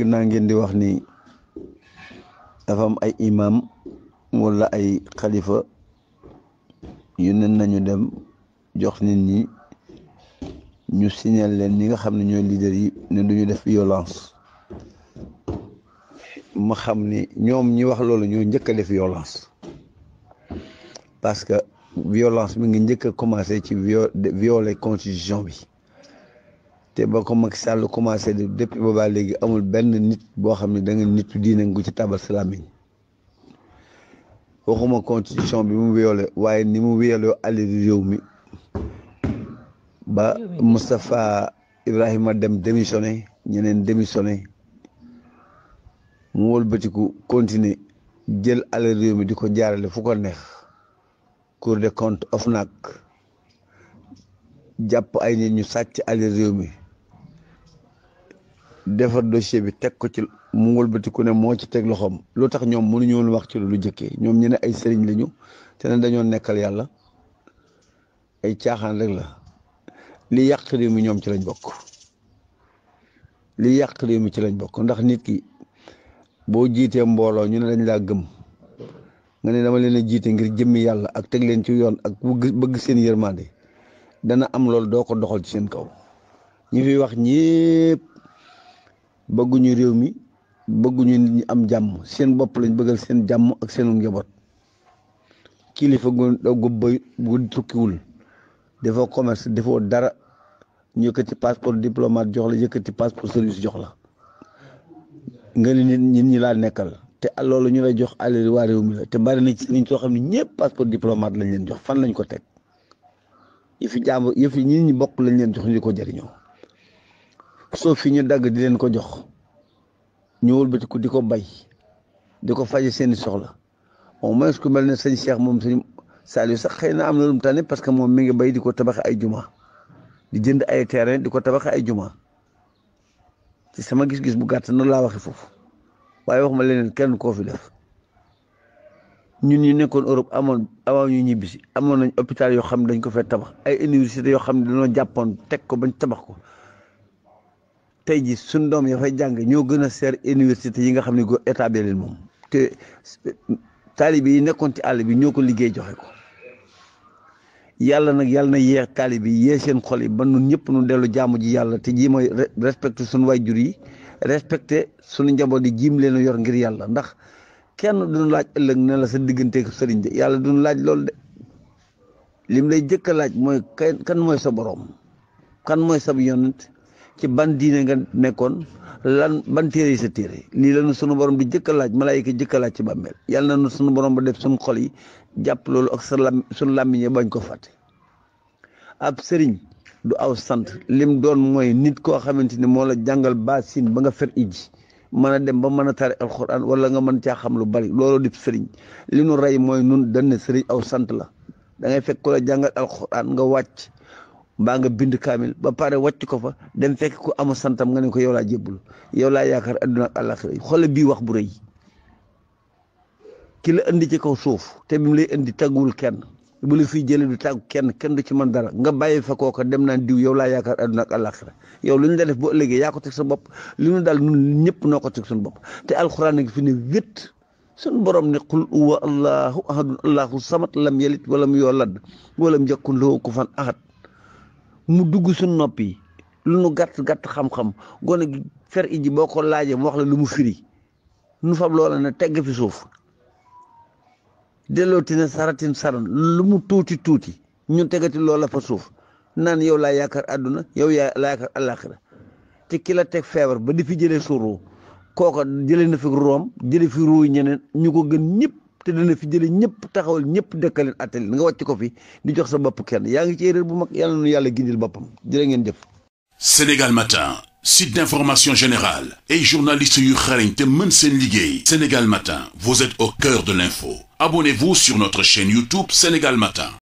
dégg naa ngeen di wax nii dafa am ay imaam wala ay xalifa yu nen nañu dem jox nit ñi ñu signal leen ñi nga xam ne ñooy leader yi ne duñu def violence ma xam ni ñoom ñi wax loolu ñoo njëkk a def violence parce que violence mu ngi njëkk a commencé ci viole constitution bi te ba ko mag Sall commencé di depuis boobaa léegi amul benn nit boo xam ne da nga nitu diine gu ci tabal si làmmiñ waxuma constitution bi mu wéyoole waaye ni mu wéyooloo àlli réew mi ba Moustapha Ibrahima dem démissionné ñeneen démissionné mu wëlbatiku continuer jël àlli mi di ko jaarale fu ko neex Cour des comptes OFNAC jàpp ay nit ñu sàcc àlli mi defar dossier bi teg ko ci mu wëlbati ku ne moo ci teg loxoom lu tax ñoom mënuñu woon wax ci lu jëkkee ñoom ñu ne ay sëriñ lañu te ne dañoo nekkal yàlla ay caaxaan rek la li yàqri réew mi ñoom ci lañ bokk li yàq réew ci lañ bokk ndax nit ki boo jiitee mbooloo ñu ne dañ laa gëm nga ne dama leen a jiite ngir jëmmi yàlla ak teg leen ci yoon ak bëgg seen yërmande dana am loolu doo ko doxal ci seen kaw ñi fi wax ñépp bëgguñu réew mi bëgguñu nit ñi am jàmm seen bopp lañ bëggal seen jàmm ak seenu njaboot kilifa gu gu bëy gu tukkiwul defoo commerce defoo dara ñu yëkkati passeport diplomate jox la yëkkati passeport service jox la nga ne nit ñi laa nekkal te loolu ñu lay jox alal waa réew mi la te bari na ci nit soo xam ne ñëpp passeport diplomate lañ leen jox fan lañ ko teg yëfi jàmm yëfi ñi ñi bokk lañ leen jox ñu ko jariñoo soo fi ñu dagg di leen ko jox ñu wëlbatiku di ko bay di ko faje seeni soxla au moins ku mel ne sëñ Cheikh moom sëñ Saliou sax xëy na am na lu mu tànne parce que moom mi ngi bay di ko tabax ay juma di jënd ay terrain di ko tabax ay juma ci sama gis-gis bu gàtt noonu laa waxe foofu waaye wax ma leneen kenn koo fi def ñun ñu nekkoon Europe amoon avant ñu ñibbisi amoon nañ hôpital yoo xam ne dañ ko fee tabax ay université yoo xam ne dañoo jàppoon teg ko bañ tabax ko tey ji suñ doom ya fay jàng ñoo gën a seer université yi nga xam ne go état bi leen moom te taalibe yi nekkoon ci àll bi ñoo ko liggéey joxe ko yàlla nag yàlla na yee taalibe yi yee seen xol yi ba nun ñëpp nu dellu jaamu ji yàlla te ji mooy respecté suñu waajur yi respecté suñu njaboot yi jiim leen yor ngir yàlla ndax kenn duñu laaj ëllëg ne la sa digganteeg sëriñ de yàlla duñu laaj loolu de lim lay jëkk a laaj mooy kan mooy sa boroom kan mooy sab yonent ci ban diine nga nekkoon lan ban téere yi sa téere lii la nu sunu borom bi jëkk a laaj malaayika jëkk a laaj ci bàmmeel yàlla na nu sunu borom ba def sunu xol yi jàpp loolu ak sa lam sunu làmmiñe bañ koo fàtte ab sëriñ du aw sant lim doon mooy nit koo xamante ni moo la jàngal baasin ba nga fer iji mën a dem ba mën a tari alxuraan wala nga mën caa xam lu bari loolu di sëriñ li nu rey mooy nun dënn sëriñ aw sant la da ngay fekk ko la jàngal alxuraan nga wàcc mbaa nga bind kaamil ba pare wàcc ko fa dem fekk ko amul santam nga ne ko yow laa jébbalu yow laa yaakaar adduna ak àllaaxira xoole wax bu rëy la indi ci kaw suuf te bi mu indi tàgguwul kenn bu la fiy jëlee du tàggu kenn kenn du ci mën dara nga bàyyi fa kooka dem naan diw yow laa yaakaar adduna ak àllaaxira yow lu ñu la def boo ëllëgee yaa ko teg sa bopp li ñu daal ñun ñëpp noo ko teg suñu bopp te alxuraan nag fi ne wét suñu borom ne qul huwa allahu ahadun allahu samad lam yalit walam yolad walam yakun lahu kufuwan ahad mu dugg suñ nopp yi lu nu gàtt gàtt xam-xam gone gi fer iji boo ko laajee mu wax la lu mu firi nu fab loola ne tegg fi suuf dellooti ne saratin saran lu mu tuuti tuuti ñu tegati loola fa suuf naan yow laa yaakaar àdduna yow yaa laa yaakaar àllaaxira te ki la teg feebar ba di fi jëlee su ruu kooka jëlee na fi room jëlee ñu ko gën ñëpp te dana fi jëlee ñëpp taxawal ñëpp dëkkaleen attali nga wàcc ko fi di jox sa bopp kenn yaa ngi ci erreur bu mag yàlla nu yàlla gindil boppam jërë ngeen jëf. Sénégal Matin site d'information générale et journaliste yu xarañ te mën seen liggéey Sénégal Matin vous êtes au cœur de l'info abonnez-vous sur notre chaîne YouTube Sénégal Matin